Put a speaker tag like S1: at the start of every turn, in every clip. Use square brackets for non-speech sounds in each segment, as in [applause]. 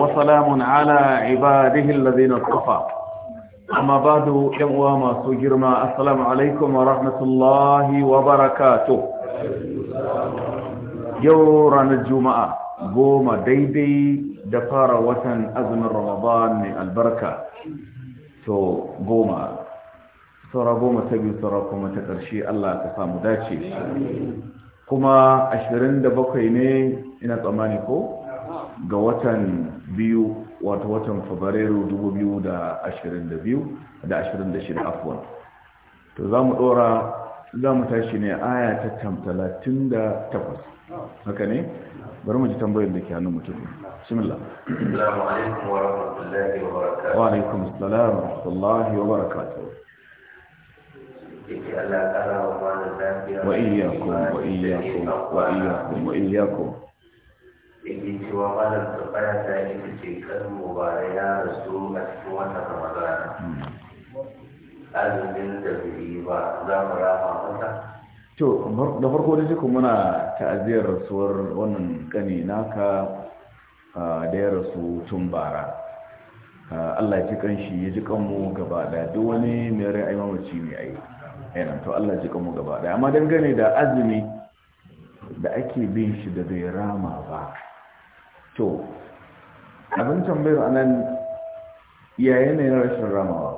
S1: وسلام على عباده الذين اصطفى أما بعد يوم ما سجرما السلام عليكم ورحمة الله وبركاته يورا الجمعة قوم ديدي دفار وطن أزم رمضان من البركة تو قوم سورة قوم تبي سورة قوم تكرشي الله تسامو داشي كما أشرين دبقيني إن أمانيكو ga watan biyu wato watan fabrairu 2022 da 26 to za mu dora za mu tashi ne aya ta tamtalatin da takwas haka ne bari mu ji tambayar da ke hannun mutum bismillah
S2: wa wa barakatuh wa alaikum wa
S1: rahmatullahi wa wa wa
S2: ibi cewa da tambaya ta yi ce kan mubara ya rasu a cikin wata ramadana azumin da biyu ba za mu rama mata
S1: to da farko da cikin muna ta'aziyar rasuwar wannan kane naka da ya rasu tun bara Allah ya ji shi ya ji kanmu gaba da duk wani mai rai ai mamaci ne ai yana to Allah ya ji kanmu gaba da amma dangane da azumi da ake bin shi da bai rama ba to abin tambayar anan ya yanayin rashin ramawa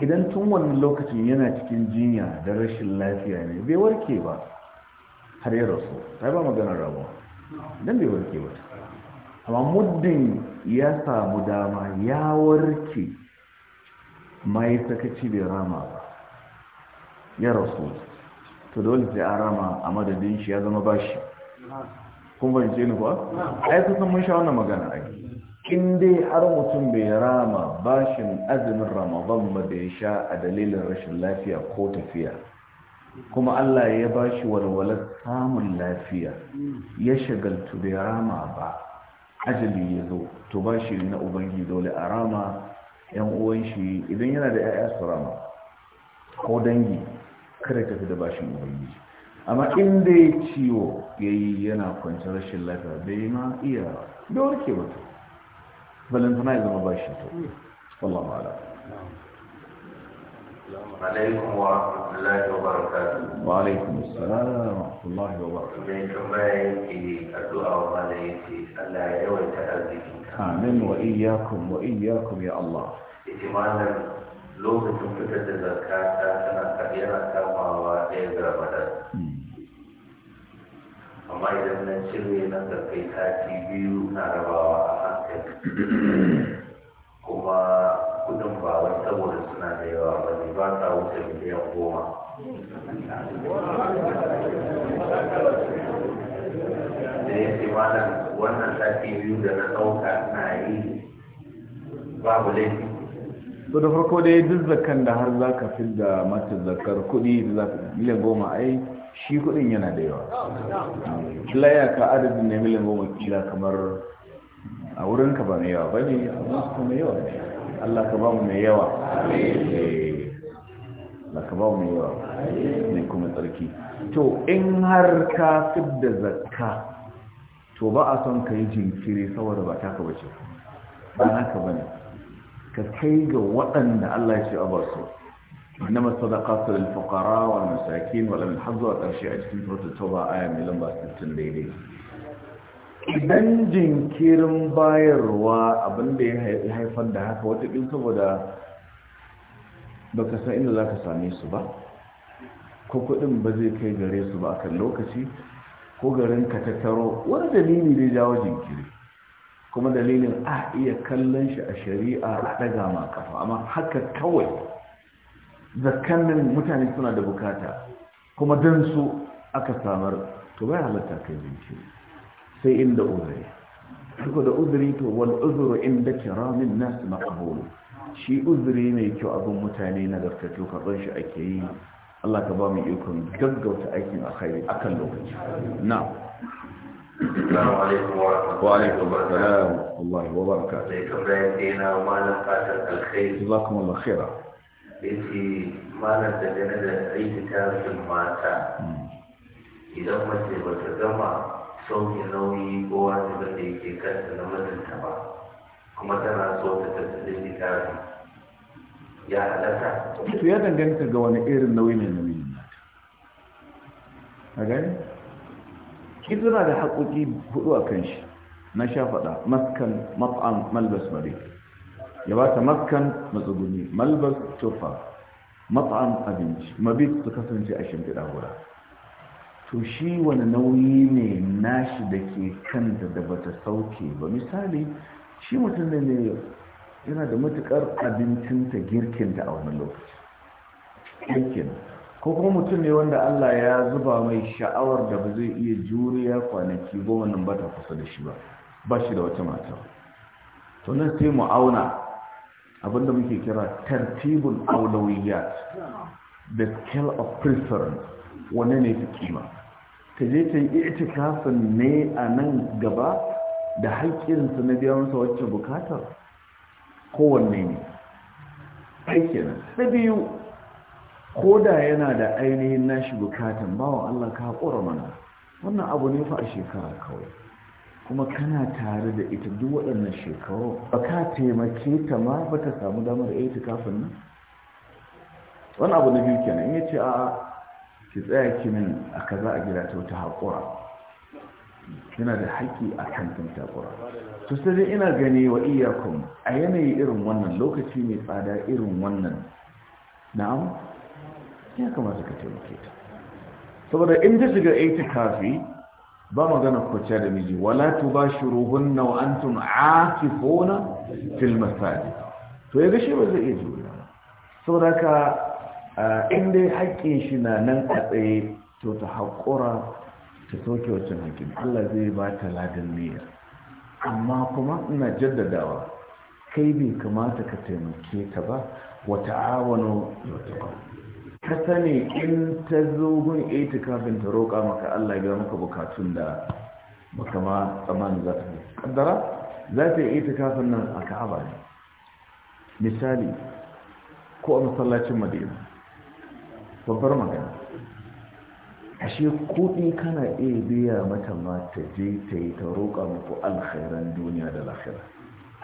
S1: idan tun wani lokacin yana cikin jinya da rashin lafiya ne bai warke ba har ya rasu ta ba maganar ramawa don bai warke ba amma muddin ya samu dama ya warke ma ya sakaci bai rama ba ya rasu to dole sai a rama a madadin shi ya zama bashi kun fahimce ni A ai kusan mun sha wannan magana ai in dai har mutum bai rama bashin azumin ramadan ba da ya sha a dalilin rashin lafiya ko tafiya kuma Allah ya bashi walwalar samun lafiya ya shagaltu bai rama ba ajali ya zo to ba shi na ubangi dole a rama yan uwan shi idan yana da 'ya'ya su rama ko dangi kada tafi da bashin ubangiji amma inda ya ciwo ya yi yana kwanci rashin lafiya bai ma iya da warke wata balantana ya zama bashi to wallahu ala
S2: alaikum wa rahmatullahi wa barakatuhu wa alaikum assalam
S1: wa rahmatullahi wa barakatuhu idan tambaya
S2: yake addu'a wa mala yake Allah ya yawaita arziki
S3: amin wa
S1: iyyakum wa iyyakum ya Allah itimanan
S2: lokacin fitar da zakata tana kabira kamawa ɗaya ga madar. Hmm. amma idan na cire na da kai sati biyu na rabawa a hankali kuma kudin ba wai saboda suna da yawa ba ne ba ta wuce miliyan goma da ya ce malam wannan sati biyu da na ɗauka na yi babu laifi
S1: So, da farko dai duk zakan da har za ka fi da mata zakar kuɗi da za ka miliyan goma ai shi kudin yana da yawa ya ka adadin na milin goma kila kamar a wurin ka ba mai yawa ba ne amma su mai yawa ne Allah ka ba mu mai yawa eh, Allah ka ba mu mai yawa ne kuma tsarki to in har ka da zakka to ba a son ka yi jinkiri saboda ba ta bace ba ba ne. ka kai ga waɗanda Allah ya ce a ba su إنما الصدقات للفقراء والمساكين ولم الحظ والأرشيء أجسين سورة التوبة آية من لمبا ستن daidai.
S3: idan jinkirin
S1: bayarwa abinda ya haifar da haka wata ɗin saboda ba inda zaka same su ba ko kuɗin ba zai kai gare su ba a kan lokaci ko garin ka wani dalili zai jawo jinkiri kuma dalilin a iya kallon shi a shari'a a ɗaga ma kafa amma haka kawai zakkannin mutane suna da bukata kuma don su aka samar to bai halatta kai binci sai inda uzuri duk da uzuri to wal uzuru inda kiramin nas maqbul shi uzuri ne kyau abun mutane na garkato karban shi ake yi Allah ka ba mu ikon gaggauta aikin akai akan lokaci na
S2: Assalamu alaikum wa rahmatullahi wa barakatuh. Wa alaikum assalam wa rahmatullahi wa barakatuh. Jazakumullahu khairan. ya ce malar da gane da aiki mata idan mace ba ta gama sauke nauyi ko wani ba da yake kanta na mazinta ba kuma tana so ta tafi littafi ya halatta
S1: to ya danganta ga wani irin nauyi ne nauyi a gani kizuna da haƙoƙi hudu a kan shi na sha faɗa maskan mat'an malbas mare ya ba ta maskan matsuguni malbas tufa matsa'an abinci mabit su kasance a shimfiɗa guda to shi wani nauyi ne nashi da ke kanta da bata sauke ba misali shi mutum da ne yana da matukar abincinta girkinta a wani lokaci girkin ko kuma mutum ne wanda Allah ya zuba mai sha'awar da ba zai iya juriya kwanaki goma nan ba ta kusa da shi ba ba shi da wata mata to nan sai mu auna abinda muke kira tartibul aulawiyat the scale of preference wane ne fi kima ta je ta yi itikafin ne a nan gaba da su na biya masa wacce bukatar kowanne ne aikin na biyu ko da yana da ainihin nashi bukatan bawan allah ka haƙura mana wannan abu ne fa a shekara kawai kuma kana tare da ita duk waɗannan shekaru ba ka taimake ta ma ba ta samu damar ya ta kafin nan wani abu na biyu kenan in ya ce a ki tsaya ki min a kaza a gida ta wata haƙura yana da haƙƙi a kan tun takura to sai dai ina gani wa iyakun a yanayi irin wannan lokaci mai tsada irin wannan na'am ya kamata ka taimake ta saboda in ta shiga aita kafi ba magana kwace da miji wala tubashiruhunna wa antum aakifuna fil masajid to ya gashi ba zai iya ba. saboda ka inda dai hakki shi na nan a tsaye to ta haƙura ta soke wancan haƙƙin Allah zai ba ta ladan niyya amma kuma ina jaddadawa kai bai kamata ka taimake ta ba wata ta'awanu yau ka sani in ta zo gun kafin ta roƙa maka Allah ya maka bukatun da maka ma za ta kaddara za ta yi kafin nan a Ka'aba ne misali ko a masallacin Madina babbar magana ashe kuɗi kana iya biya mata ma ta je ta yi ta roƙa muku alkhairan duniya da lahira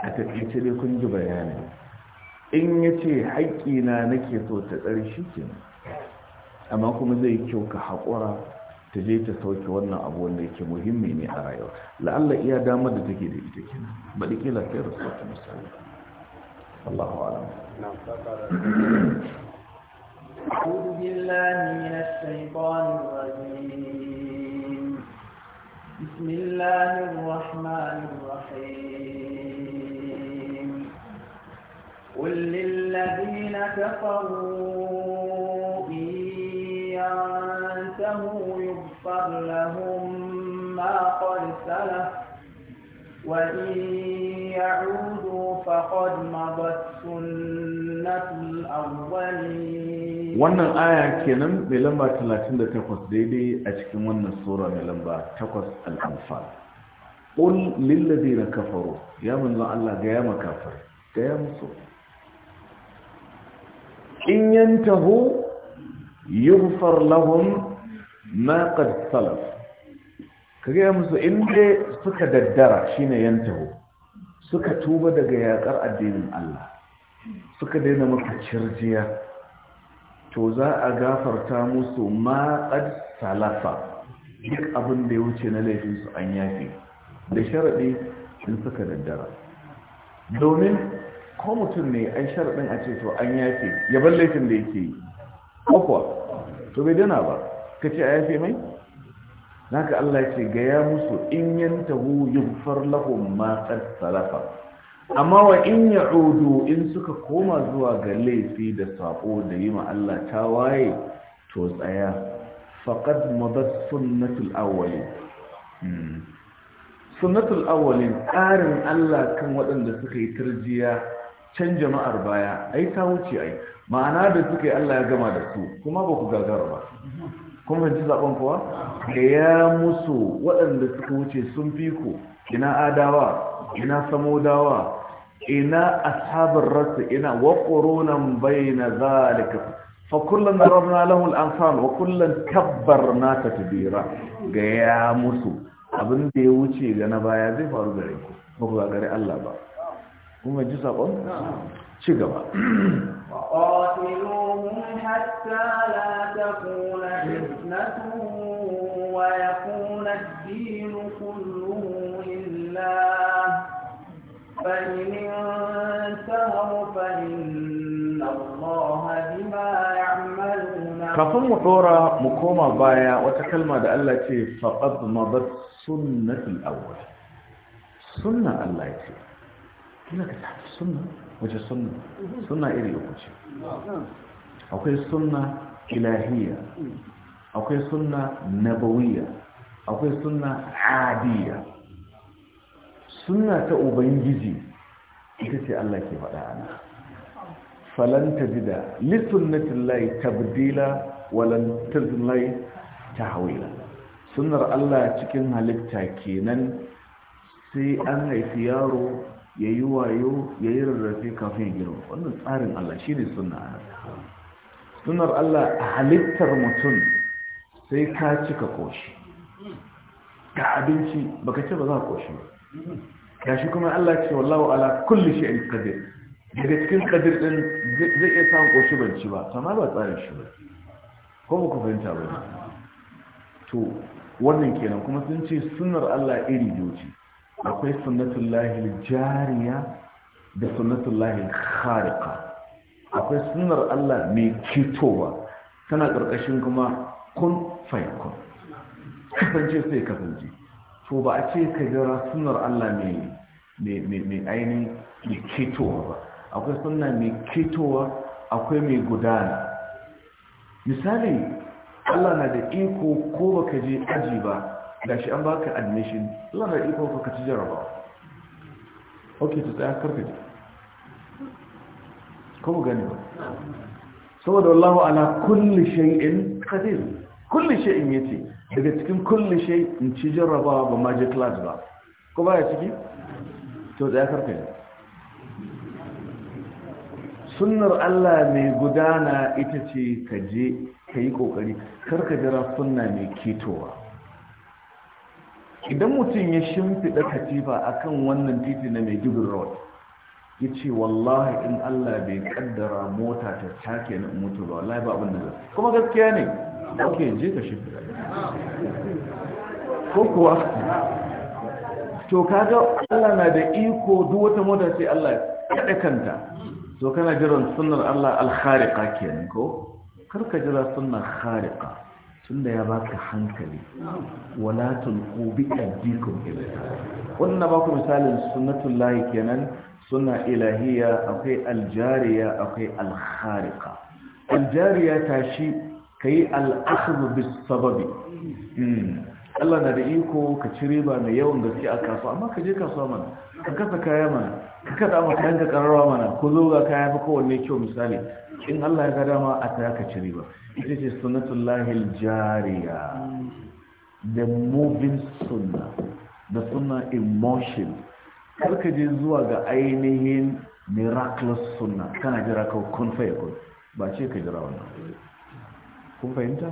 S1: a taƙaice dai kun ji bayanin in ya ce haƙƙina nake so ta tsari shi ke amma kuma zai kyau ka haƙura ta je ta sauke wannan abu wanda yake muhimmi ne a rayuwa la'alla iya damar da take da ita ke ba da kila kai rasu
S3: wata misali Allahu alam
S4: أعوذ بالله من الشيطان الرجيم بسم الله الرحمن الرحيم قل للذين كفروا إن ينتهوا يغفر لهم ما قد سلف وإن يعودوا فقد مضت سنة الأولين wannan aya
S1: kenan mai lamba 38 daidai a cikin wannan sura mai lamba 8 al-anfal qul lil ladina kafaru ya manzo Allah ga ya makafir ga ya in yantahu yughfar lahum ma qad salaf kage musu in suka daddara shine yantahu suka tuba daga yakar addinin Allah suka daina maka cirjiya to za a gafarta musu ma qad salafa duk abin da ya wuce na laifin su an yafi da sharadi in suka daddara domin ko mutum ne ai sharaɗin a ce to an yafe ya laifin da yake yi kwakwa to bai dana ba ka ce a yafe mai naka Allah ce gaya musu in yanta yughfar lahum ma salafa amma wa in ya'udu in suka koma zuwa ga laifi da saƙo da yi ma Allah waye? to tsaya faqad madat sunnatul awwalin hmm. sunnatul awwalin tsarin Allah kan waɗanda suka yi tarjiya can jama'ar baya ai ta wuce ai ma'ana da suka yi Allah ya gama da su kuma ba ku gagara ba kun fahimci zaben kuwa da ya musu waɗanda suka wuce sun fi ku ina adawa ina samodawa ina ashabar rasu ina wa ƙoronan bai na zalika fa kullum da rabna lahul amsal wa kullum tabbar na tatbira ga ya musu abin da ya wuce ga na baya zai faru gare ku ba ku Allah ba kuma ji sakon ci gaba
S4: وقاتلوهم حتى لا تكون فتنة ويكون الدين كله لله فإن انتهوا فإن الله بما يعملون kafin mu dora mu koma baya wata
S1: kalma da Allah ce faqad mabat sunnatul awwal sunna Allah
S3: ce kina tafi
S1: iri uku ce akwai sunna ilahiyya akwai sunna nabawiyya akwai sunna adiyya sunna ta ubangiji ita ce Allah ke faɗa ana falan tajida li sunnatillahi tabdila walan ta tahwila sunnar Allah cikin halitta kenan sai an haifi yaro ya yi wayo ya yi rarrafe kafin girma wannan tsarin Allah shi ne suna sunar Allah a halittar mutum sai ka cika koshi ka abinci baka ce ba za a koshi ba shi kuma Allah ce wallawa ala kulli shi in kadir daga cikin kadir din zai iya samun koshi ci ba sama ba tsarin shi ba ko ku fahimta ba to wannan kenan kuma sun ce sunar Allah iri biyu ce akwai sunnatun lahil jariya da sunnatun lahil kharika akwai sunar Allah mai kitowa tana ƙarƙashin kuma kun fayakun kasance sai kasance to ba a ce ka jira sunar Allah mai ainihin mai kitowa ba akwai sunna mai kitowa akwai mai gudana misali Allah na da iko ko baka je aji ba gashi an baka admission Allah na iko ka ci jarabawa ok to tsaya karfe ko mu gani ba saboda wallahu ala kulli shay'in qadir kulli shay'in yace daga cikin kulli shay in ci jarrabawa ba ma je class ba ko ya ciki to tsaya karfe sunnar Allah mai gudana ita ce ka je ka yi kokari karka jira sunna mai ketowa idan mutum ya shimfiɗa katifa a kan wannan titi na mai gibin road ya ce wallahi in allah bai kaddara mota ta take na mutu ba wallahi ba abin da kuma gaskiya ne ok je ka shimfiɗa ko kuwa to kaga allah na da iko duk wata mota sai allah kaɗa kanta to kana jiran sunnar allah alkhariqa kenan ko karka jira sunnar khariqa tunda ya baka hankali wala tulqu bi aydikum wannan ba misalin sunnatul lahi kenan sunna ilahiyya akwai aljariya akwai alkhariqa aljariya tashi kai al-akhdhu bis sababi hmm. Allah na da iko ka ci riba mai yawan gaske a kasuwa amma ka je kasuwa mana ka kasa kaya mana ka kada mu kayan ka kararwa mana ko zo ga kaya fa kowanne kyau misali in Allah ya ga dama a ta ka ci riba ita ce sunnatullahi jariya the moving sunna the sunna in motion kar ka je zuwa ga ainihin miraculous sunna kana jira ka kun fa ba ce ka jira wannan kun fahimta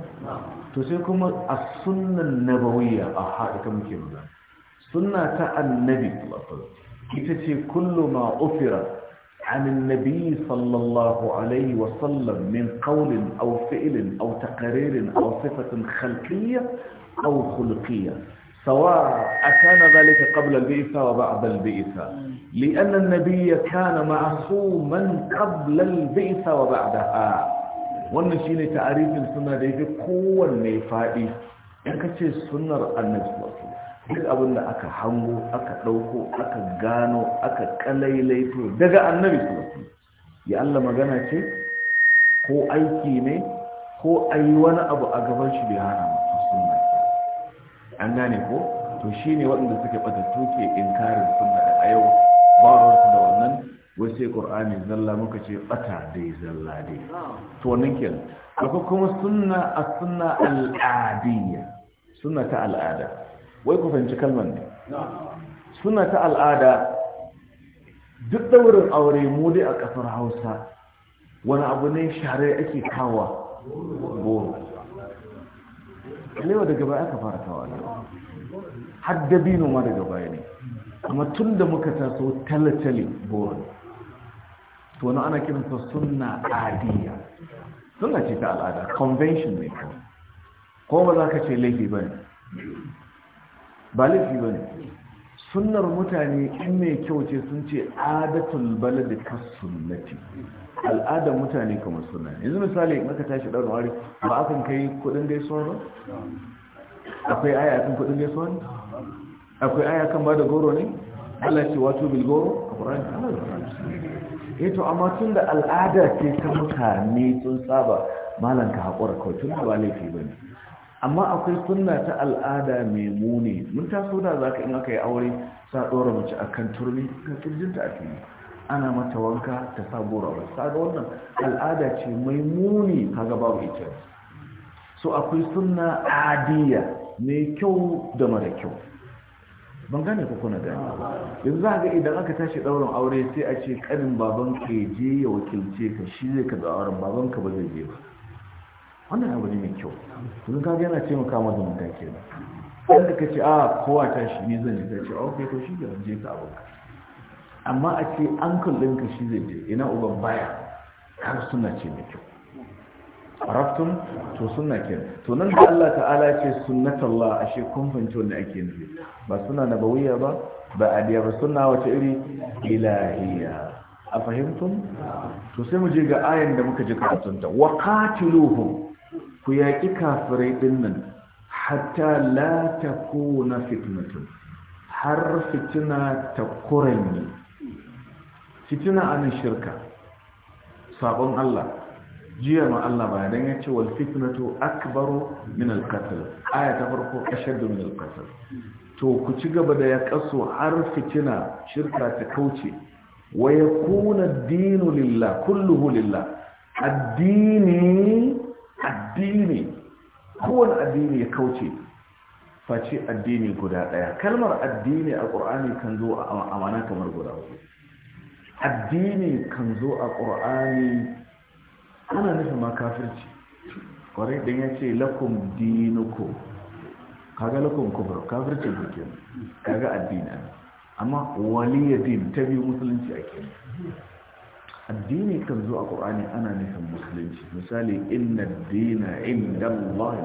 S1: to sai kuma a sunnan nabawiyya a kan muke nuna sunna ta annabi ita ce kullu ma ofira عن النبي صلى الله عليه وسلم من قول أو فعل أو تقرير أو صفة خلقية أو خلقية سواء أكان ذلك قبل البئثة وبعد البئثة لأن النبي كان معصوما قبل البئثة وبعدها wannan shi ne ta'arifin suna da yake kowanne fadi in ka ce sunar annabi duk abin da aka hango aka ɗauko aka gano aka kalailaito daga annabi sallallahu ya Allah magana ce ko aiki ne ko a yi wani abu a gaban shi bai hana suna sunna an gane ko to shi ne waɗanda suke ɓata tuke inkarin da a yau ba da wannan wai sai ƙur'ani zalla muka ce ɓata dai zalla dai ah. to wannan ke akwai kuma sunna a suna al'adiyya sunna ta al'ada wai ku fahimci kalmar ne sunna ta al'ada duk daurin aure mu dai a ƙasar hausa wani abu ne share ake kawa goro
S3: lewa daga baya aka fara kawa ne har dabino ma daga
S1: baya ne amma tun da muka taso talatali goro to wani ana kiransa suna adiya suna ce ta al'ada convention ne ko ba za ka ce laifi ba ne ba laifi ba ne sunar mutane in mai kyau ce sun ce adatul balad ka sunnati al'adar mutane kamar suna. yanzu misali maka tashi ɗan wari ba akan kai kudin gaisuwar ba akwai aya kan kudin ne? akwai aya kan ba da goro ne Allah ce wato bil goro a
S3: Qur'ani
S1: Eh to amma tun da al'ada ce ta mutane sun saba malam ka haƙura kawai tun da ba laifi ba ne amma akwai sunna ta al'ada mai muni mun taso da za ka in aka yi aure sa ɗora mace a kan turmi ka kirjinta a fili ana mata wanka ta sa gora sa ga wannan al'ada ce mai muni kaga babu ita so akwai sunna adiya mai kyau da mara kyau ban gane ko kuna gane yanzu za ga idan aka tashi daurin aure sai a ce kanin baban ka je ya wakilce ka shi zai ka auren baban ka ba zai je ba wannan abu ne mai kyau yanzu ka ga yana ce maka ma da ke kenan sai da kace a ah, kowa tashi shi ne zan je ta ce okay to shi ga je ka ka, amma a ce uncle din ka shi zai je ina uban baya har suna ce mai kyau araftun to suna kenan to nan da Allah ta'ala ya ce sunnatullah ashe kun fahimci wanda ake nufi ba na nabawiyya ba ba adiya ba suna wace iri ilahiya a
S2: fahimtun
S1: to sai mu je ga ayan da muka ji ta. wa qatiluhum ku yaki kafirai ɗinnan, hatta la takuna fitnatun har fitina ta kuranni fitina anan shirka sabon Allah jiya ma Allah ba dan ya ce wal fitnatu akbaru min al qatl aya ta farko ashaddu min al qatl to ku ci gaba da ya kaso har fitina shirka ta kauce wa yakuna ad-dinu lillah kulluhu lillah addini addini kowane addini ya kauce face addini guda daya kalmar addini a ƙur'ani kan zo a amana kamar guda addini kan zo a ƙur'ani. ana nufin ma kafirci kwarai don ya ce lakum dinuku kaga lakum kubur kafirci kuke kaga addina amma waliyya din ta biyu musulunci a kenan. addini kan zo a ƙorani ana nufin musulunci misali inna dina inda Allah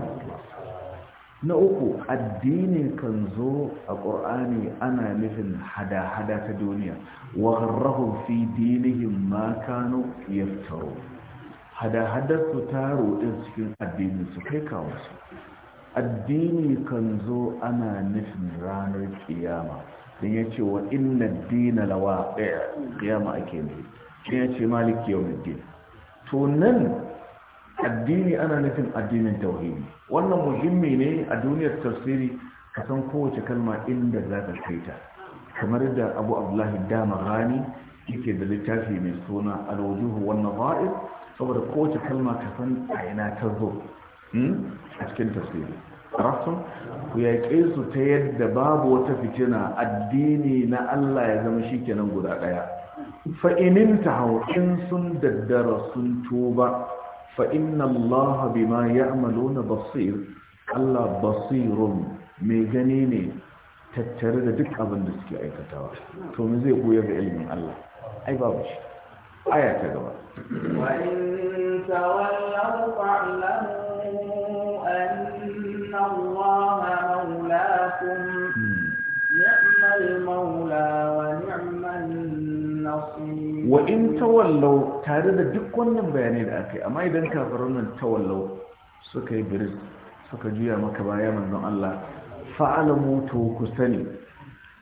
S1: na uku addini kan zo a ƙorani ana nufin hada-hada ta duniya wa fi dinihim ma kanu yaftaro hada-hadar su ta roɗin cikin addini su kai kawo su addini kan zo ana nufin ranar kiyama don ya ce wa inna dina lawa ɗaya kiyama ake ne ya ce maliki yau to nan addini ana nufin addinin tauhidi wannan muhimmi ne a duniyar tafsiri ka san kowace kalma inda za ka kai ta kamar da abu abdullahi dama rani, yake da littafi mai suna alwajuhu wannan ba'ir saboda kowace kalma ta san a ina ta zo hmm? a cikin tasiri. ku yaƙe su ta yadda babu wata fitina addini na Allah ya zama shi kenan guda ɗaya fa'inin ta sun daddara sun tuba fa'in Allah bi ma ya amalo na basir Allah basirun mai gani ne tattare da duk abin da suke aikatawa to mu zai koyar da ilimin Allah ai babu shi aya ta gaba
S4: wa in
S1: tawallau tare da duk wannan bayanai da aka yi amma idan kafaran nan tawallau suka yi suka juya maka baya manzon Allah fa'alamu to ku sani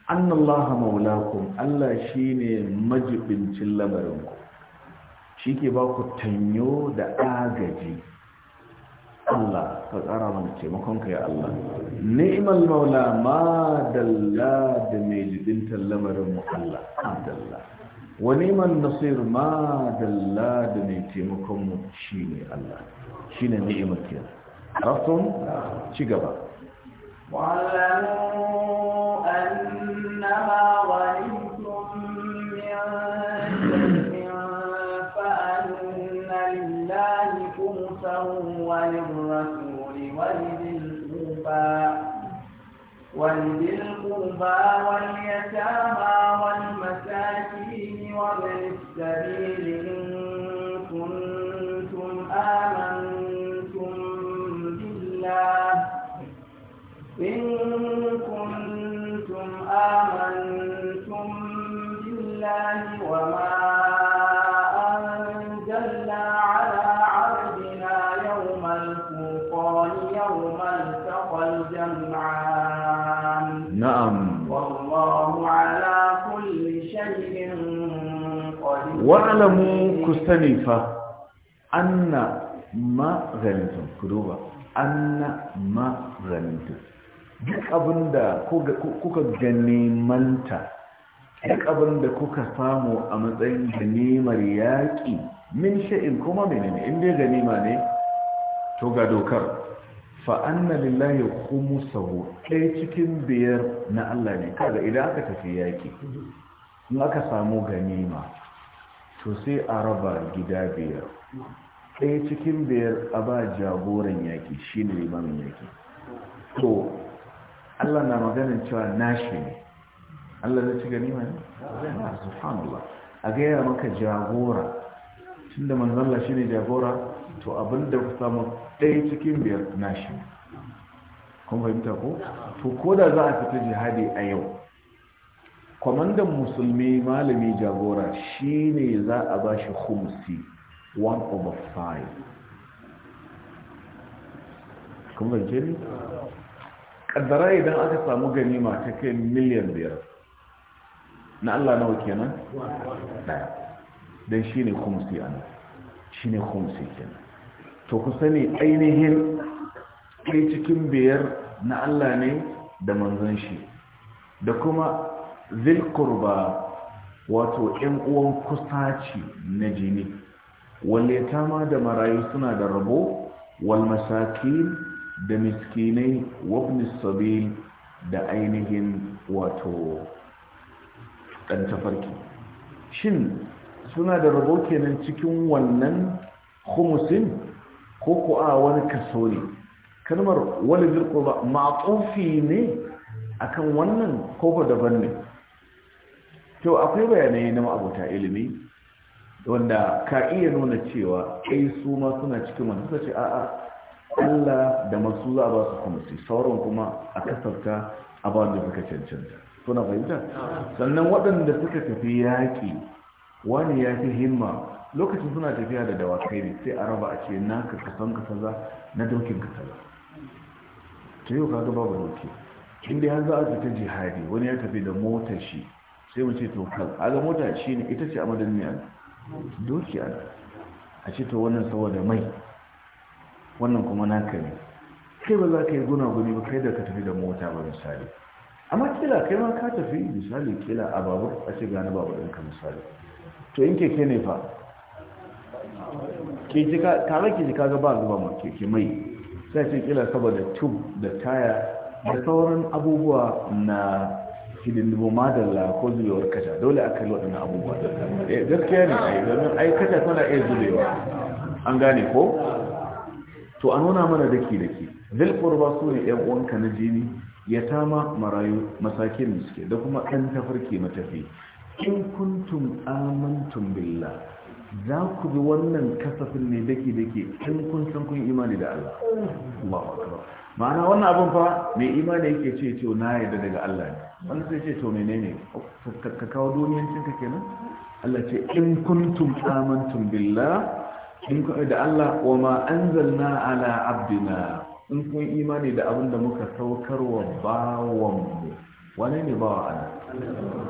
S1: annallaha maulakum Allah shine majibincin lamarinku shi ke ba ku tanyo da agaji Allah ka tsara mana taimakon ya Allah ni'mal maula ma dalla da mai jibintar lamarin mu Allah abdallah wa ni'mal nasir ma dalla da mai taimakon mu shine Allah shine ni'imar ke rafton ci gaba
S4: wa'lamu annama وذي القربى واليتامى والمساكين وابن السبيل إن كنتم آمنتم بالله إن كنتم آمنتم بالله وما أنزلنا على عبدنا يوم يوم التقى الجمعان na'am wallahu ala kulli shay'in qadir wa alamu kusani
S1: fa anna ma ghalintum ku duba anna ma ghalintum duk abinda kuka ganimanta duk abinda kuka samu a matsayin ganimar yaƙi min sha'in kuma menene in dai ganima ne to ga dokar fa'anna lillahi khumusahu ɗaya cikin biyar na Allah ne Kada idan aka tafi yaƙi in aka samu ganima to sai a raba gida biyar ɗaya cikin biyar a ba jagoran yaki shine limamin yaƙi. to Allah na maganin cewa nashi ne Allah zai ci ganima ne subhanallah a gaya maka jagora tunda manzon Allah shine jagora to abinda ku samu ɗaya cikin biyar na shi kuma fahimta ko to ko da za a fita jihadi a yau kwamandan musulmi malami jagora shi ne za a ba shi humsi 1 over 5 kuma fahimce ne ƙaddara idan aka samu ganima ta kai miliyan biyar na allah nawa kenan ɗaya don shi ne humsi ana shi ne humsi kenan to ku sani ainihin kai cikin biyar na Allah ne da manzon shi da kuma zilkurba wato ‘yan uwan kusaci na jini walleta ma da marayu suna da rabo walmasakin da miskinai wabnis sabil da ainihin wato ɗan tafarki shin suna da rabo kenan cikin wannan humusin ko ko a wani kaso ne kalmar wani zirko ba matsofi ne akan wannan koko daban ne to akwai bayanai na ma'abuta ilimi wanda ka iya nuna cewa ai su ma suna cikin wanda suka ce a'a Allah da masu za ba su kuma su sauran kuma a kasarta a ba da suka cancanta suna fahimta sannan waɗanda suka tafi yaƙi wani ya fi himma lokacin suna tafiya da dawakai ne sai a raba a ce na ka kasan kasa za na dokin kasa ba ta yau kaga babu doki Inda ya har za a fita jihadi wani ya tafi da motar shi sai mu to kan aga mota shi ne ita ce a madadin ne doki ana a ce to wannan saboda mai wannan kuma naka ne kai ba za ka yi guna guni ba kai da ka tafi da mota ba misali amma kila kai ma ka tafi misali kila a babur a ce gani babu ɗinka misali to in keke ne fa ke jika ka ga ba zuba ma keke mai sai ce kila saboda tube da taya da sauran abubuwa na da madalla ko zubewar kasha dole a kalli waɗannan abubuwa da eh, gaskiya ne a yi domin ai kasha tana iya zubewa an gane ko to a nuna mana daki daki zilkur ba su ne yan uwanka na jini ya tama marayu masakin suke da kuma ɗan tafarki matafi in kuntum amantum billah za ku bi wannan kasafin ne dake dake in kun san kun imani da Allah Allahu akbar ma'ana wannan abin fa mai imani yake ce ce na yarda daga Allah ne wannan sai ce to menene ka kawo duniyancin ka kenan Allah ce in kuntum amantum billah in kun da Allah wa ma anzalna ala abdina in kun imani da abin da muka saukarwa bawan mu wane ne bawa Allah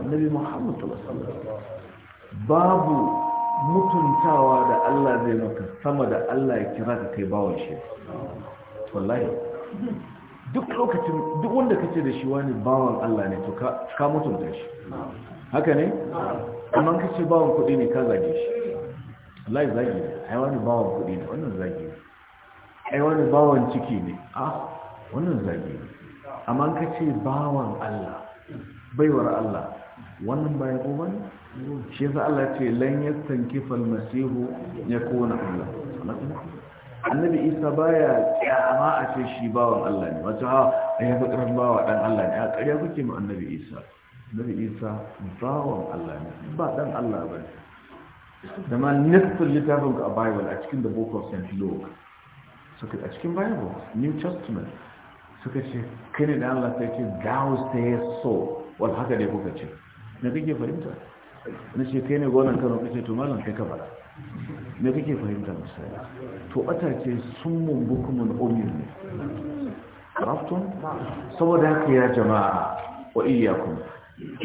S1: annabi Muhammad sallallahu alaihi wasallam babu mutuntawa da Allah zai maka sama da Allah ya kira ka kai bawon shi wallahi duk lokacin duk wanda kace da shi wani bawon Allah ne to ka mutunta shi haka ne amma kace bawon kuɗi ne ka zage shi wallahi zage ne ai wani bawon kuɗi ne wannan zage ne ai wani bawon ciki ne ah wannan zage ne amma kace bawon Allah baiwar Allah wannan bayan ko bane
S3: shi yasa Allah ce lan
S1: masihu, ya kona Allah annabi isa baya kyama a ce shi bawan Allah ne wato ha ah, ya fi karan bawa dan Allah ne a ƙarya kuke mu annabi isa annabi isa bawan Allah ne ba dan Allah ba
S3: ne
S1: da ma nufin littafin ka a bible a cikin the book of st luke suka a cikin bible new testament suka ce kai ne da Allah sai ce thou sayest so wal haka dai kuka ce me kake fahimta na ce kai ne gonan kano kace to malam kai ka fara me kake fahimta misali to atace sun mumbu kuma umir ne raftun saboda haka ya jama'a wa iyyakum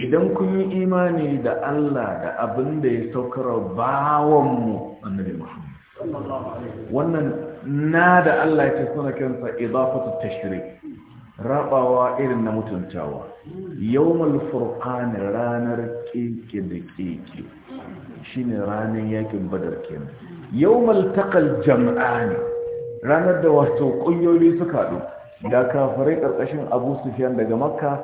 S1: idan kun yi imani da Allah da abin da ya saukar bawon mu annabi
S3: Muhammad
S1: wannan na da Allah ya ce suna kansa idafatu tashrik rabawa irin na mutuntawa yawmal furqan ranar keke da Shi shine ranar yakin badar kenan yawmal jam'ani ranar da wato kungiyoyi suka haɗu da kafarai ƙarƙashin Abu Sufyan daga Makka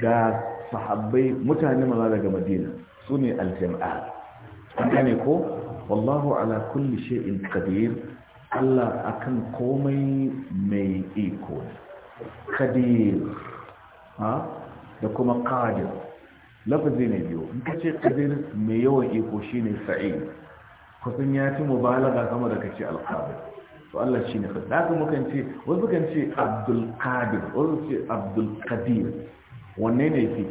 S1: da sahabbai mutane maza daga Madina sune al-jam'an ne ko wallahu ala kulli shay'in qadir Allah akan komai mai iko ne kadir da kuma Kadir, lafazi ne biyu in ka ce kadir mai yawan iko shi ne Sa'in? kusan ya ci mubalaga sama da kace alqadir to Allah shine kadir da kuma kan ce wasu kan ce abdul qadir wasu ce abdul qadir wanne ne fi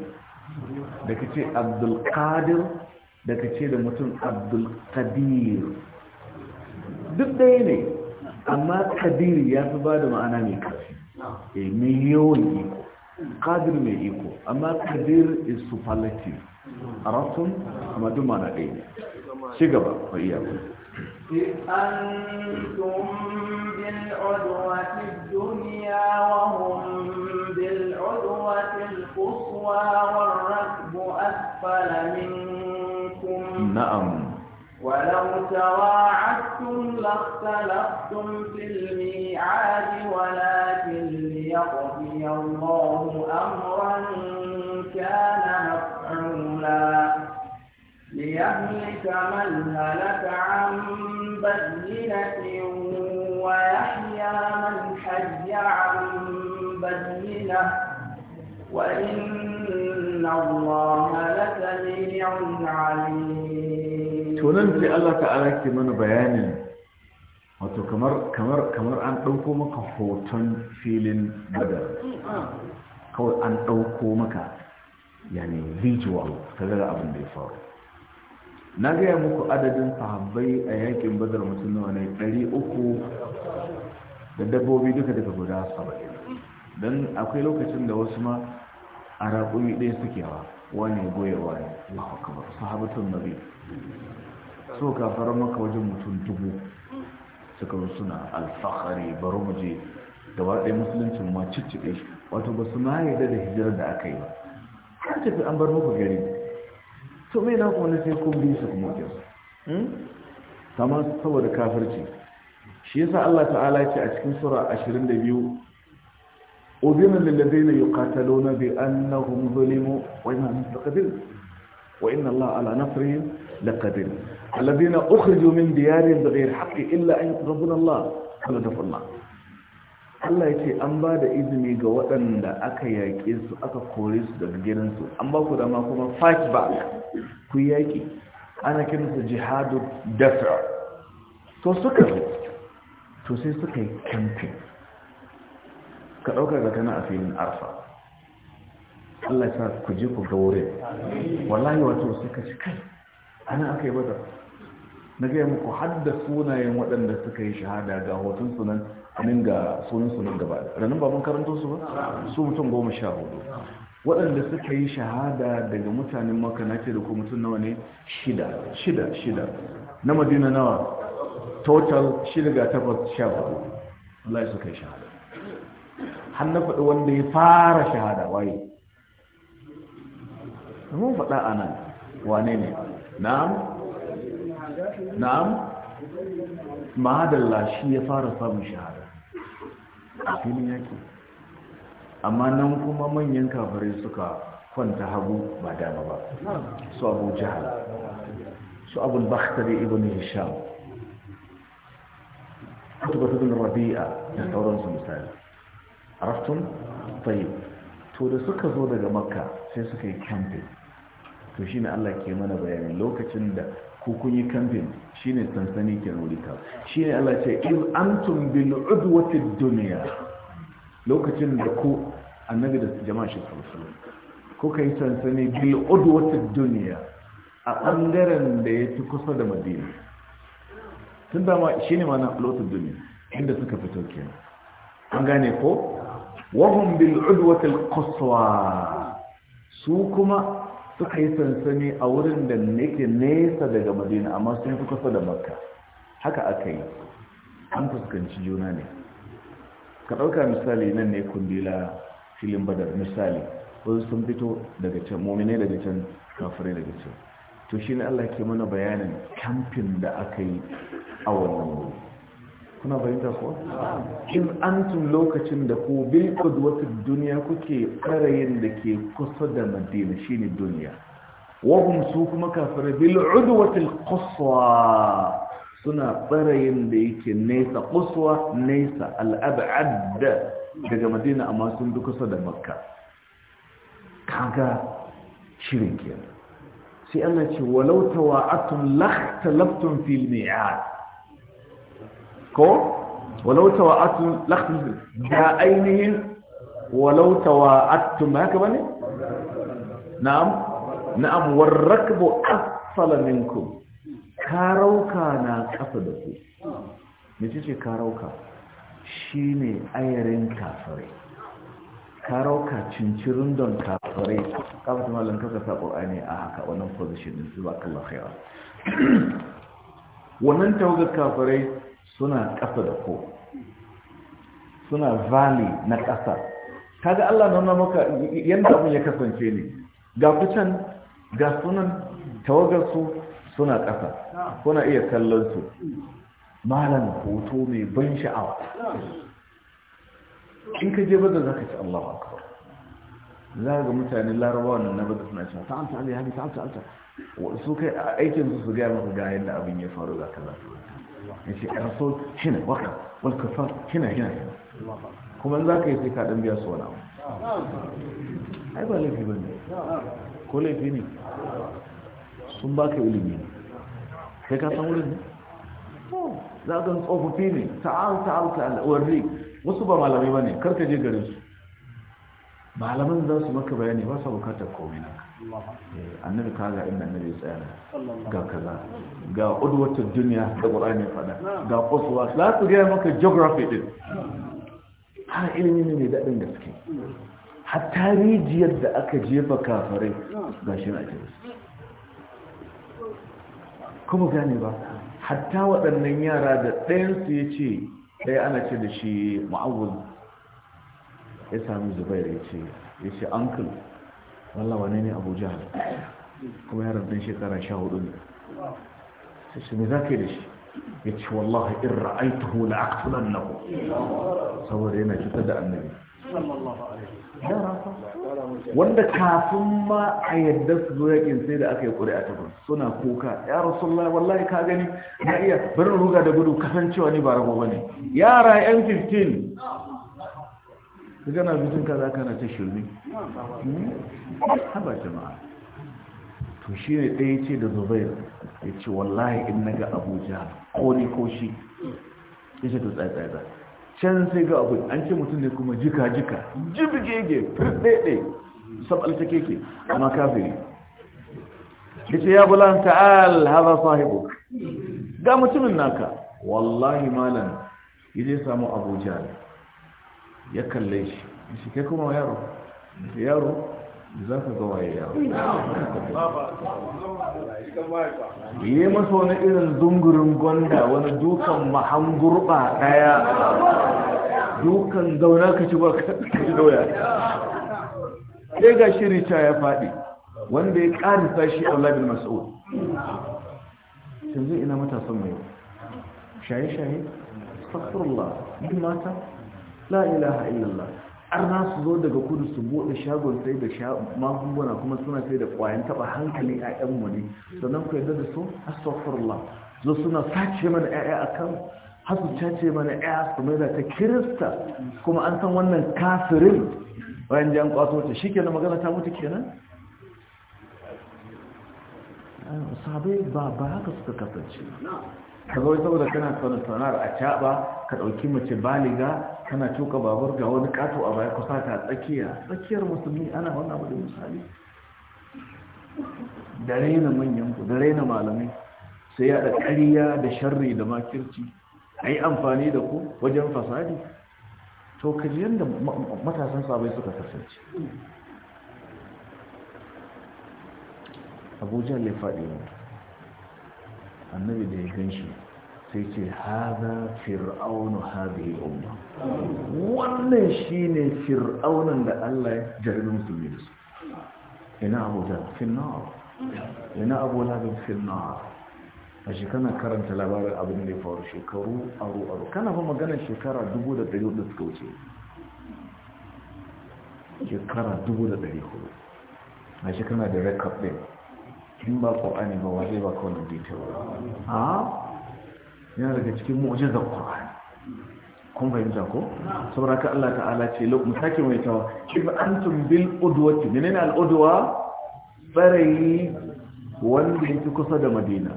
S1: da kace abdul qadir da ka ce da mutum abdul qadir
S3: duk ɗaya ne
S1: amma kadir ya fi ba da ma'ana mai ƙarfi miliyoyin iko kadir mai iko amma kadir is superlative a rasun amma duma na ɗaya ne ci gaba ba iya ku
S4: أنتم بالعدوة الدنيا وهم بالعدوة القصوى والركب أسفل ولو تواعدتم لاختلفتم في الميعاد ولكن ليقضي الله أمرا كان مفعولا ليهلك من هلك عن بينة ويحيى من حي عن بينة وإن الله لسميع عليم tunan sai Allah ta'ala ke
S1: mana bayanin wato kamar kamar kamar an dauko maka hoton filin badar kawai an dauko maka yani visual kaga da abin da ya faru na gaya muku adadin sahabbai a yakin badar mutum nawa ne 300 da dabbobi duka daga guda 70 don akwai lokacin da wasu ma a raƙumi ɗaya suke wa wani goyewa ne Allah kamar sahabatun nabi so kafaran maka wajen mutum dubu suka suna alfahari baro muje, da gaba ɗaya musuluncin ma cicciɓe wato ba su ma yarda da hijirar da aka yi ba an tafi an bar muku gari
S4: to mai na kuma
S1: sai kun biyu su kuma ke su sama hmm? saboda kafirci shi yasa Allah ta'ala ce a cikin sura 22 أذن للذين يقاتلون بأنهم ظلموا وإنهم Wa وإن الله على نصرهم لقدر الذين أخرجوا من ديارهم بغير حق إلا أن يقربون الله قال دفع الله Allah ya ce an ba da izini ga waɗanda aka yaƙe su aka kore su daga gidansu an ba ku dama kuma fight back ku yaƙi ana kiransa jihadu dafa to suka yi. to sai suka yi camping ka ɗauka ga kana a filin arfa Allah ya sa ku je ku ga wurin wallahi wato suka ci kai ana aka yi bada na gaya muku hadda sunayen waɗanda suka yi shahada ga hoton sunan amin ga sunan sunan gaba da ranar babban karanta su ba su mutum goma sha hudu waɗanda suka yi shahada daga mutanen maka na ce da ku mutum nawa ne shida shida shida na madina nawa total shida ga takwas sha hudu Allah suka yi shahada har na faɗi wanda ya fara shahada waye mun faɗa a nan wane ne na'am
S3: na'am madalla shi
S1: ya fara samun shahada a filin yaki amma nan kuma manyan kafirai suka kwanta hagu ba dama ba su abu jihar su abu bakhtari ibn hisham kutubatu bin rabi'a da sauransu misali araftun tayyib to da suka zo daga makka sai suka yi camping to ne Allah ke mana bayani lokacin da ku kun yi kamfin ne sansani ke Shi ne Allah ce in antum bil udwati duniya lokacin da ku annabi da jama'a shi sallallahu ko yi sansani bil udwati duniya a ɓangaren da ya fi kusa da Madina tun dama ma shine mana lotin duniya inda suka fito kenan an gane ko wahun bil udwati qaswa su kuma suka yi sansani a wurin da nake nesa daga madina amma sun fi kusa da makka haka aka yi an fuskanci juna ne ka ɗauka misali nan ne kundila filin badar misali wasu sun fito daga can momine daga can kafirai daga can to shi ne allah ke mana bayanin kamfin da aka yi a wannan wuri kuna fahimta ko in tun lokacin da ku bil qudwati duniya kuke karayin da ke kusa da madina shine duniya wa hum su kuma kafirai bil udwati qaswa suna barayin da yake nesa qaswa nesa al ab'ad daga madina amma sun duka kusa da makka kaga shirin kenan sai Allah ce walau tawa'atun lakhtalaftum fil mi'ad ko walau tawa'atu lakhmis da ainihin walau ma ka bane
S3: na'am na'am warrakbu
S1: asfala minkum karauka na kafa da ku Me ce karauka shine ayarin kafare karauka cincirin don kafare kafa ta mallan kasa ta qur'ani a haka wannan position din su ba khaira wannan tawaga kafare suna ƙasa da ko suna valley na ƙasa kaga Allah nuna maka yadda abin ya kasance ne ga kucan ga sunan tawagarsu suna ƙasa kuna iya kallon su malam hoto mai ban sha'awa in ka je bada za ka ci Allah ba. za ga mutane larabawa na bada suna cewa ta'amta ta'al ya haka ta'al ta'al su kai aikinsu su gaya maka gayan da abin ya faru za ka za ya ce rasul shi ne waka wal kafar shi ne kuma za ka yi sai ɗan biya su wani
S3: ai ba laifi ba ne
S1: ko laifi sun baka ilimi ne ka san wurin ne za a gan tsofaffi ne ta'al ta'al ta'al warri wasu ba malamai ba ne karka je garinsu. su malaman za su maka bayani ba sa bukatar komai Eh, annabi ka ga inda annabi tsaya ga kaza ga udwatu duniya da qur'ani fada ga qoswa la ku ga maka geography din har ilimi ne mai daɗin gaske har rijiyar da aka jefa kafare ga shi na kuma gane ba hatta waɗannan yara da ɗayansu ya ce ɗaya ana ce da shi ma'awul ya sami Zubairu ya ce ya ce uncle wallah wane ne abu jihar kuma yaron ɗan shekara sha hudu ne sai ne za ka yi da shi ya ci wallahi in ra'aituhu la'aqtulan ku. saboda yana cutar da annabi wanda kafin ma a yadda su zo yakin sai da aka yi ƙuri'a ta gudu suna kuka ya rasulullah wallahi ka gani na iya barin ruga da gudu kasancewa ni ba rago bane yara yan 15 ka gana za kaza kana ta shirme haba jama'a to shi ne ɗaya ce da zubair ya ce wallahi in na ga abuja ko ne ko shi ya ce to tsaye-tsaye can sai ga abu an ce mutum ne kuma jika-jika jibgege firɗeɗe sabal ta keke amma kafiri ya ce ya bulan ta'al haza sahibu ga mutumin naka wallahi malam ya je samu abuja ya kalle shi shi kai kuma yaro yaro za ka ga waye yaro yi masa wani irin zungurin gwanda wani dukan mahangurba daya dukan zauna ka ci ba ka ci doya sai ga shiri rica ya faɗi wanda ya ƙarisa shi Allah bin Mas'ud yanzu ina matasan mai shaye-shaye astaghfirullah mata la ilaha illallah an na su zo daga kudu su buɗe shagon sai da magunguna kuma suna sai da ƙwayan taɓa hankali a ƴan ne sannan ku yadda da su astaghfirullah zo suna sace mana ƴaƴa kan hasu cace mana ƴaƴa su mai da ta kirista kuma an san wannan kafirin wayan jan kwato ta kenan magana ta mutu kenan sabai ba ba haka suka kasance
S3: ka zo saboda kana son sanar a caba ka dauki mace baliga kana tuka babur ga wani kato a baya kusa ta tsakiya tsakiyar
S1: musulmi ana wannan abu da misali da raina manyan ku da raina malamai sai ya da ƙarya da sharri da makirci ai amfani da ku wajen fasadi to kaji yanda matasan sabai suka kasance abuja ne faɗi ne annabi da ya gan shi sai ce haza fir'aunu hadhihi umma wannan shine fir'aunan da Allah ya jarabin musulmi da
S3: su
S1: ina abu da finnar ina abu da finnar a shekana karanta labarin abin da ya faru shekaru aro aro kana ba magana shekara dubu da dari hudu suka wuce shekara dubu da dari hudu a shekana da rekod ɗin in ba ƙwa'ani ba waje zai ba ka wani ba a yana daga cikin da ƙwa'ani kun fahimta ko saboda ka Allah ta'ala ce lokacin sake mai tawa if antum bil udwati menene al udwa barai wanda ya fi kusa da Madina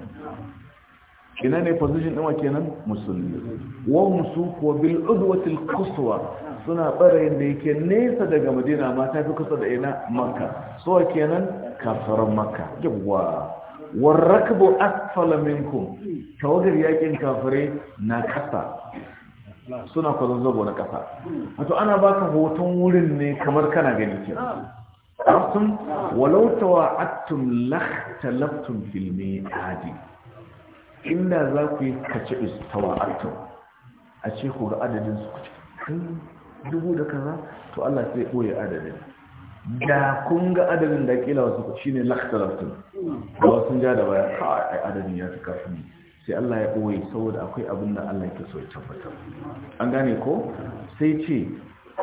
S1: ina ne position ɗin wa nan musulmi wa ko bil udwati al suna barayin da yake nesa daga Madina ma ta fi kusa da ina Makka so kenan kafar maka yawa warrakbu asfala minkum tawagar yakin kafare na kasa suna zobo na kasa wato ana baka hoton wurin ne kamar kana gani ke arsun walau tawa'attum lahtalaftum fil mi'adi inda za ku yi kace tawa'attum a ce ku ga adadin su kuce hmm, dubu da kaza to Allah sai ya boye adadin da kun ga adadin da kila wasu shi ne laktalafin da wasu ja da baya kawai adadin ya fi sai Allah ya ɓoye saboda akwai abin da Allah ke so ya tabbatar an gane ko sai ce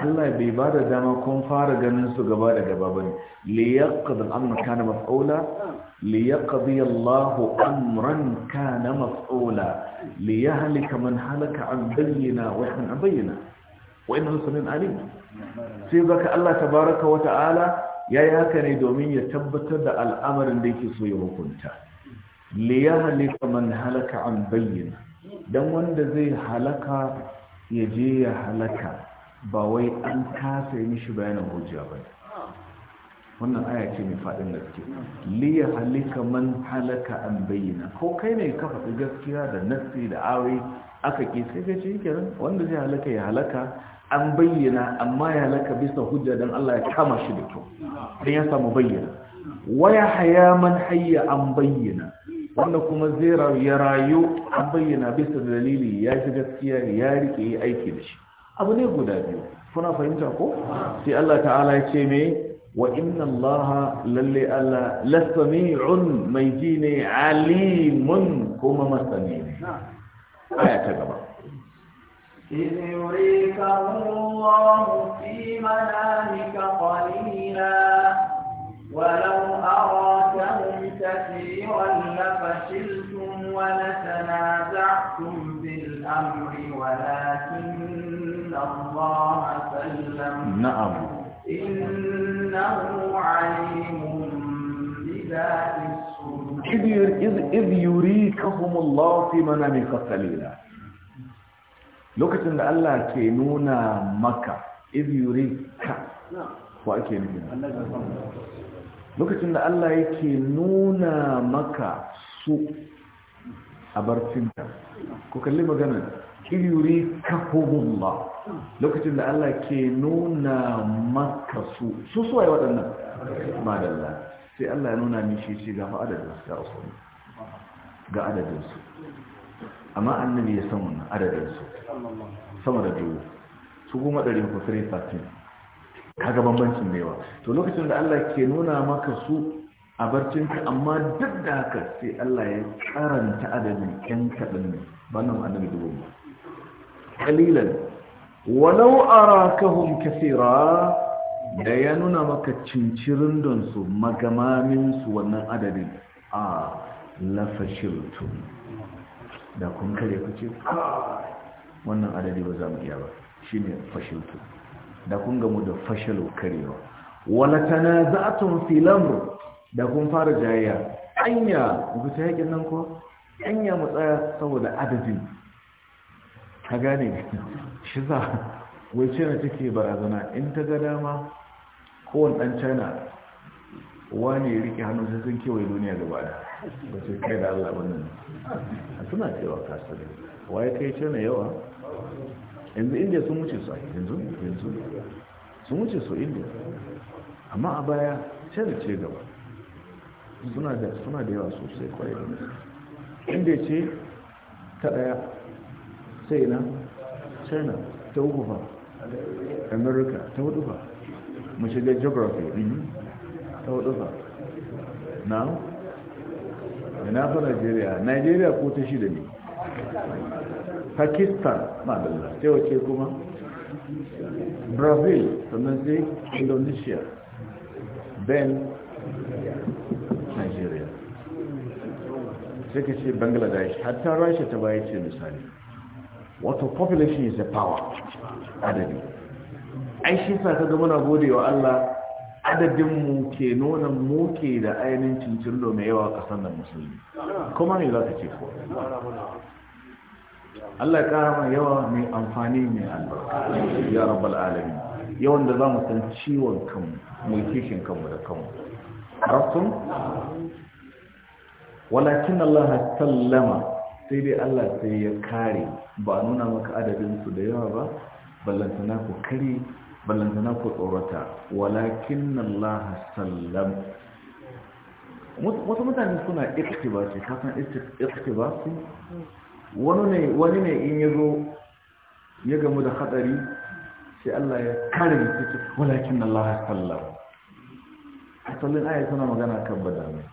S1: Allah bai ba da dama kun fara ganin su gaba da gaba ba ne liyaqad al-amr kana maf'ula liyaqdi Allahu amran kana maf'ula liyahlika man halaka an bayyana wa an bayyina wa innahu samiyun alim sai baka Allah ta baraka wa ta'ala ya yi haka ne domin ya tabbatar da al'amarin da yake so ya hukunta Liya halika man halaka an bayyana dan wanda zai halaka ya je ya halaka ba wai an kasa yi mishi bayanin hujja ba wannan aya ce mai faɗin gaske liya halika man halaka an bayyana ko kai ne ka faɗi gaskiya da nasi da aure aka ke sai ka ce nan, wanda zai halaka ya halaka an bayyana amma ya laka bisa hujja dan Allah ya kama shi da kyau dan ya samu bayyana waya haya man hayya an bayyana wanda kuma zai ya rayu an bayyana bisa dalili ya ji gaskiya ya rike yi aiki da shi abu ne guda biyu kuna fahimta ko sai Allah ta'ala ya ce me wa inna Allah lalle Allah lasami'un mai ji ne alimun kuma masani aya ta gaba
S4: إذ يريكهم الله في منامك قليلا ولو أراكهم كثيرا لفشلتم ولتنازعتم في الأمر ولكن الله سلم نعم إنه عليم بذات الصدور
S1: إذ يريكهم الله في منامك قليلا lokacin da Allah ke nuna maka iz ka, ko ake nufi lokacin da Allah yake nuna maka su a barcinka Ko kalli maganar iz yurika hubullah lokacin da Allah ke nuna maka su su yi waɗannan madalla sai Allah ya nuna mishi shi ga adadin ga adadin su amma annabi ya san wannan adadin su sama da dubu su kuma ɗari ku 313 kaga bambancin da yawa to lokacin da Allah ke nuna maka su a barcin ka, amma duk da haka sai Allah ya karanta adadin ƴan kaɗan ne ba nan annabi dubu ba kalilan walau arakahum kaseera da ya nuna maka cincirin don su magamamin su wannan adadin a lafashirtum da kun kare ku ce wannan adadi ba za mu iya ba Shi shine fashiltu da kun gamu da fashilu karewa wala a fil amr da kun fara jayayya anya ku ta yakin nan ko anya mu tsaya saboda adadin ka gane shi za wai na take barazana in ta ga dama kowane dan China wani ya rike hannu sai sun kewaye duniya gaba da ba sai kai da Allah wannan a suna cewa kasar waye kai ce na yawa yanzu India sun wuce su yanzu yanzu sun wuce su India? amma a baya ce da ce gaba suna da suna da yawa sosai kwaye da inda ce ta daya sai na china ta uku fa america ta hudu fa Mace shiga geography mhm. ta hudu ba
S3: na ina
S1: fa nigeria nigeria ko ta shi da ne pakistan madalla sai wace kuma brazil sannan sai indonesia then nigeria sai ka ce bangladesh hatta rasha ta baya ce misali wato population is a power adadi ai shi sa ka ga muna gode wa allah adadin mu ke nuna muke da ainihin cincin mai yawa kasan da musulmi kuma ne za ka ce ko Allah ya kara yawa mai amfani mai albarka ya rabbal alamin yawan da za mu san ciwon kanmu mai kishin kanmu da kanmu rasul walakin Allah sallama sai dai Allah sai ya kare ba nuna maka adadin su da yawa ba ballantana ku kare ballantana ku tsorata walakin Allah sallam wasu mutane suna iktibasi kasan iktibasi wani ne in ya zo ya gamu da hadari sai Allah ya kare mutu walakin Allah sallam asalin aya suna magana kan badami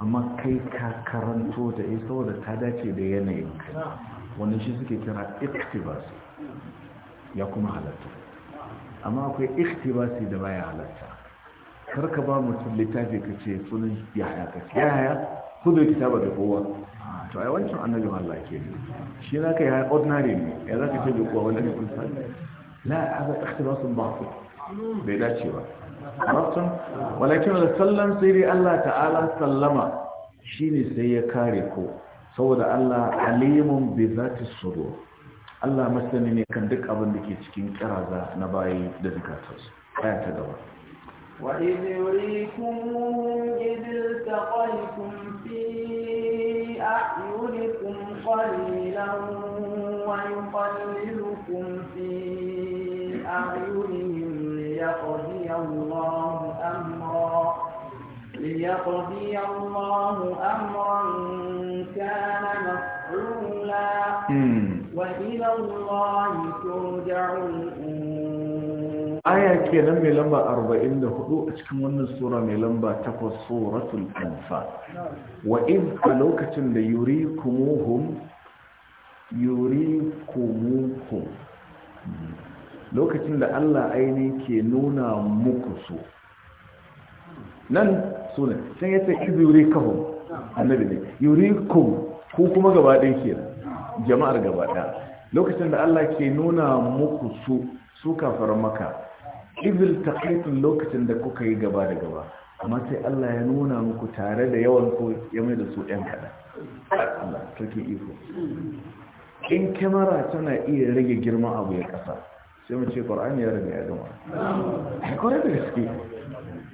S1: amma kai ka karanto da ya eh, saboda ta dace da yanayin kai wannan shi suke kira ba su, ya kuma halatta amma akwai ikhtibasi da baya halatta karka ba mutum littafi ka ce sunan yahaya ka ce yahaya ku zai kitaba da kowa to ai wancan annabi Allah ke shi na kai har ordinary ne ya za ka ce da kowa wanda ne kun sani la hada ba ba'd bai dace ba arabtum walakin sallan sai dai Allah ta'ala sallama shine sai ya kare ko saboda Allah alimun bi zati sudur Allah masani ne kan duk abin da ke cikin ƙiraza na bayi da zukatarsu. Aya ta gaba.
S4: Wa izi rikun idil ta ƙwaikun fi a yurikun ƙwarilan wa yi ƙwarilukun fi a yurihin ya ƙwari Allah amra. ليقضي وإلى الله ترجع الأمور آية كنا
S1: من لمبا أربعين لهدو أتكم من السورة من لمبا تقوى سورة الأنفال وإذ ألوكة ليريكموهم yurikumukum lokacin da Allah aini ke nuna muku su nan suna sai ya ce yuri annabi ne kum ku kuma gaba kenan jama'ar gaba ɗaya lokacin da Allah ke nuna muku su su kafar maka izil taqaitun lokacin da kuka yi gaba da gaba amma sai Allah ya nuna muku tare da yawan ku ya mai da su ɗan kaɗan Allah sarki iko in kyamara tana iya rage girman abu ya ƙasa sai mu ce ƙwar'ani ya rage ya gama
S3: kwarai da gaske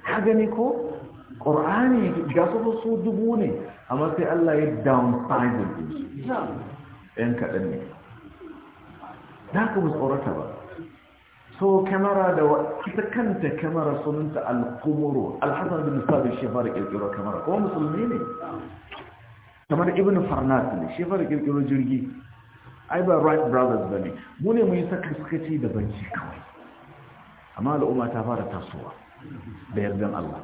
S1: ha gani ko Qur'ani ga su su dubu ne amma sai Allah ya down-sizing 'yan kaɗan ne da ka mu tsorata ba so kamara da ita kanta kamara sunanta al-kumuru al-hasan bin sabi shefar kirkiro kamara kuma musulmi ne kamar ibn farnas ne shefar kirkiro jirgi ai ba right brothers ba ne mu ne mu yi saka sakaci da banci kawai amma al'umma ta fara tasowa da yardan Allah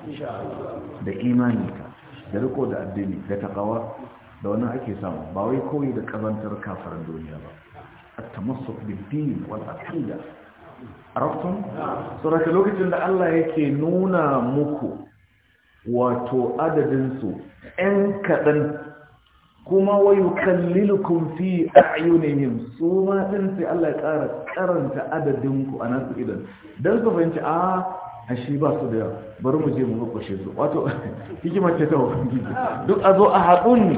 S1: da imaninka da riko da addini da takawa da wannan ake samu ba wai kawai da kazantar kafaran duniya ba at masu bid-din wal aqida arabtum lokacin da Allah yake nuna muku wato adadin su kaɗan kuma wa yukallilukum fi a'yunihim su ma din sai Allah ya ƙara karanta adadin ku a nasu idan don ku fahimci a ah, a shi ba su da yawa bari mu je mu makwashe su wato [laughs] hikimar ce ta gizo. duk a zo a ne.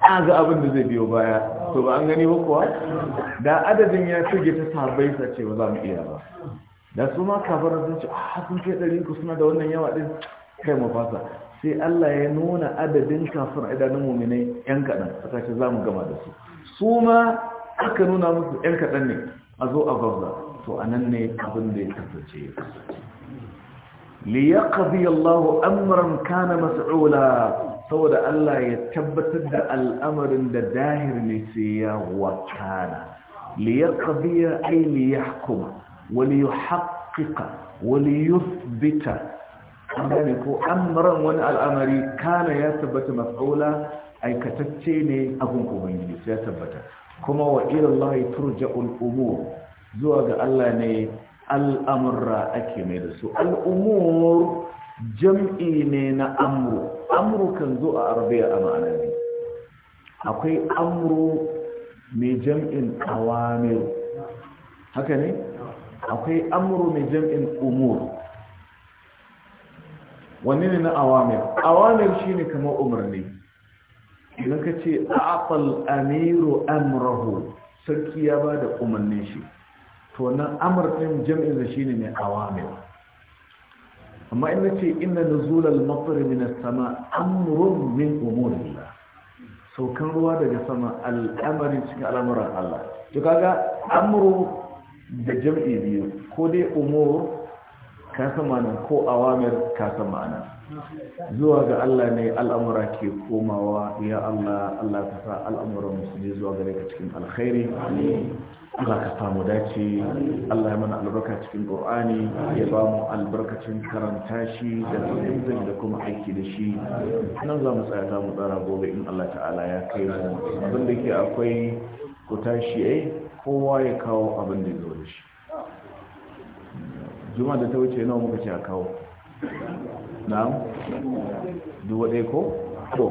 S1: a ga abin da zai biyo baya to ba an gani ba kuwa da adadin ya tuge ta sabai sa ce ba za mu iya ba da su ma sun ce a ah, sun kai ɗari ku suna da wannan yawa ɗin kai mu fasa sai Allah ya nuna adadin kafin idanun muminai yan kaɗan a ce za mu gama da su su ma aka nuna musu yan kaɗan ne a zo a gwabza to a nan ne abin da ya kasance ya kasance liyaqdi Allahu amran kana mas'ula saboda Allah ya tabbatar da al'amarin da dahir ne sai ya wakana liyaqdi ay liyahkum wa liyuhaqqiq wa liyuthbita amani ko amran wani al'amari kana ya tabbata mas'ula aikatacce ne abun ubangiji sai ya tabbata kuma wa ila Allah turja'ul umur zuwa ga Allah ne al'amurra ake mai da su
S3: al'umur
S1: jam'i ne na amru amru kan zo a arabiya a ma'ana ne akwai amru mai jam'in awamir haka ne akwai amru mai jam'in umur wanne ne na awamir awamir shi ne kama umarni idan ka ce a amiru amrahu sarki ya ba da umarnin shi to wannan amr din jam'in da shine mai awamir amma ina ce inna nuzul al-matar min sama amrun min da. saukan ruwa daga sama al'amari cikin al'amuran Allah to kaga amru da jam'i biyu ko dai umur ka san ko awamir ka san zuwa ga Allah ne al'amura ke komawa ya Allah Allah ka sa al'amuran musulmi zuwa gare ka cikin alkhairi Allah ka samu dace Allah ya mana albarka cikin Al-ƙur'ani ya ba mu albarkacin karanta shi da zai da kuma aiki da shi nan za mu tsaya mu tsara gobe in Allah ta'ala ya kai mu abin da ke akwai ku tashi eh? kowa ya kawo abin da ya zo da shi juma'a da ta wuce nawa muka ce a kawo na'am duwa ɗaya ko to